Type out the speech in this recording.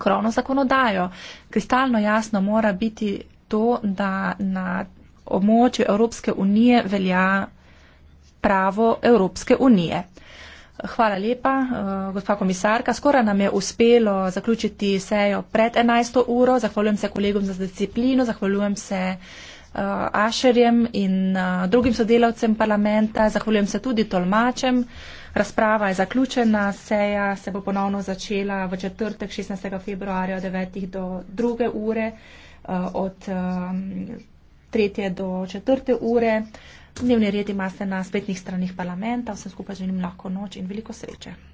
krovno zakonodajo. Kristalno jasno mora biti to, da na območju Evropske unije velja pravo Evropske unije. Hvala lepa, eh, gospa komisarka. Skoraj nam je uspelo zaključiti sejo pred 11. uro. Zahvaljujem se kolegom za disciplino, zahvaljujem se uh, eh, Ašerjem in uh, drugim sodelavcem parlamenta. Zahvaljujem se tudi tolmačem. Razprava je zaključena, seja se bo ponovno začela v četrtek 16. februarja od 9. do 2. ure, uh, od um, 3. do 4. ure. Dnevni red imate na spletnih stranih parlamenta. Vsem skupaj želim lahko noč in veliko sreče.